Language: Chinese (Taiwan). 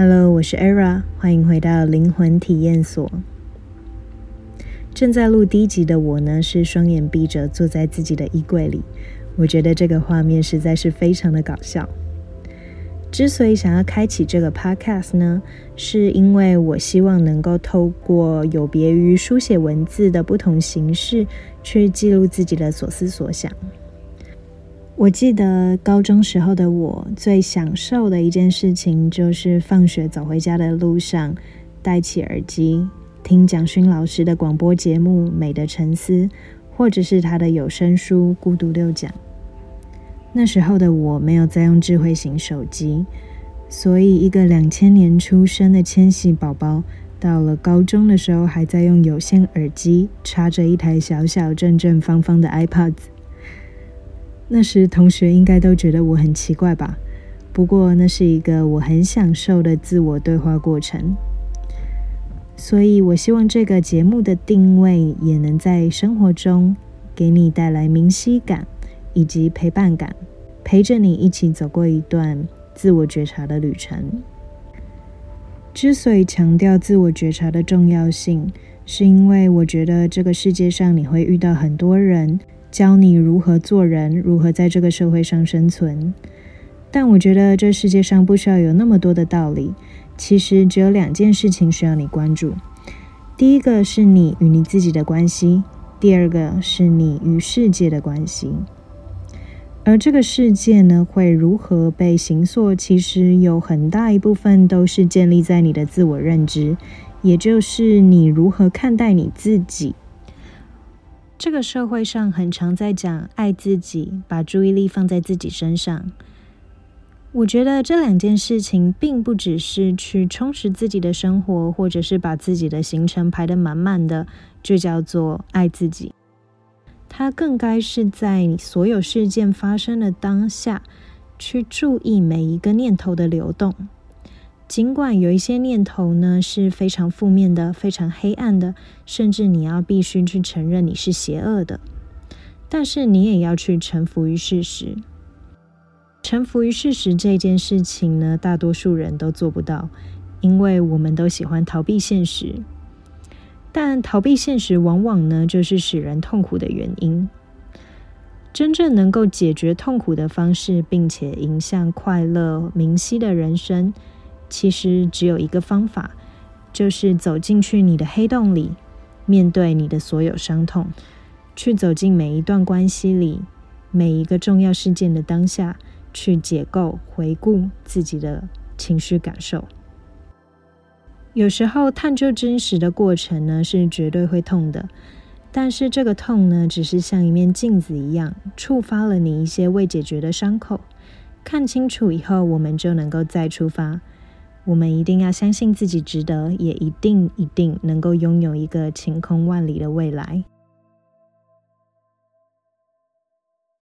Hello，我是 Era，歡迎回到靈魂體驗所。正在錄第一集的我呢，是雙眼閉着坐在自己的衣櫃裡。我覺得這個畫面實在是非常的搞笑。之所以想要開啟這個 Podcast 呢，是因為我希望能夠透過有別於書寫文字的不同形式，去記錄自己的所思所想。我記得高中時候的我，最享受的一件事情就是放學走回家的路上，戴起耳機聽蔣勳老師的廣播節目《美的沉思》，或者是他的有聲書《孤獨六講》。那時候的我沒有在用智慧型手機，所以一個兩千年出生的千禧寶寶，到了高中的時候還在用有線耳機，插着一台小小正正方方的 iPod。那時同學應該都覺得我很奇怪吧？不過那是一個我很享受的自我對話過程，所以我希望這個節目的定位也能在生活中給你帶來明晰感以及陪伴感，陪着你一起走過一段自我覺察的旅程。之所以強調自我覺察的重要性，是因為我覺得這個世界上你會遇到很多人。教你如何做人，如何在這個社會上生存。但我覺得這世界上不需要有那麼多的道理。其實只有兩件事情需要你關注：第一個是你與你自己的關係；第二個是你與世界的關係。而這個世界呢，會如何被形塑？其實有很大一部分都是建立在你的自我認知，也就是你如何看待你自己。這個社會上很常在講愛自己，把注意力放在自己身上。我覺得這兩件事情並不只是去充實自己的生活，或者是把自己的行程排得滿滿的，就叫做愛自己。它更該是在所有事件發生的當下，去注意每一個念頭的流動。儘管有一些念頭呢是非常負面的、非常黑暗的，甚至你要必須去承認你是邪惡的，但是你也要去臣服於事實。臣服於事實這件事情呢，大多數人都做不到，因為我們都喜歡逃避現實。但逃避現實往往呢，就是使人痛苦的原因。真正能夠解決痛苦的方式，並且迎向快樂、明晰的人生。其實只有一個方法，就是走進去你的黑洞裡，面對你的所有傷痛，去走進每一段關係裡，每一個重要事件的當下，去解構、回顧自己的情緒感受。有時候探究真實的過程呢，是絕對會痛的，但是這個痛呢，只是像一面鏡子一樣，觸發了你一些未解決的傷口。看清楚以後，我們就能夠再出發。我們一定要相信自己值得，也一定一定能夠擁有一個晴空萬里的未來。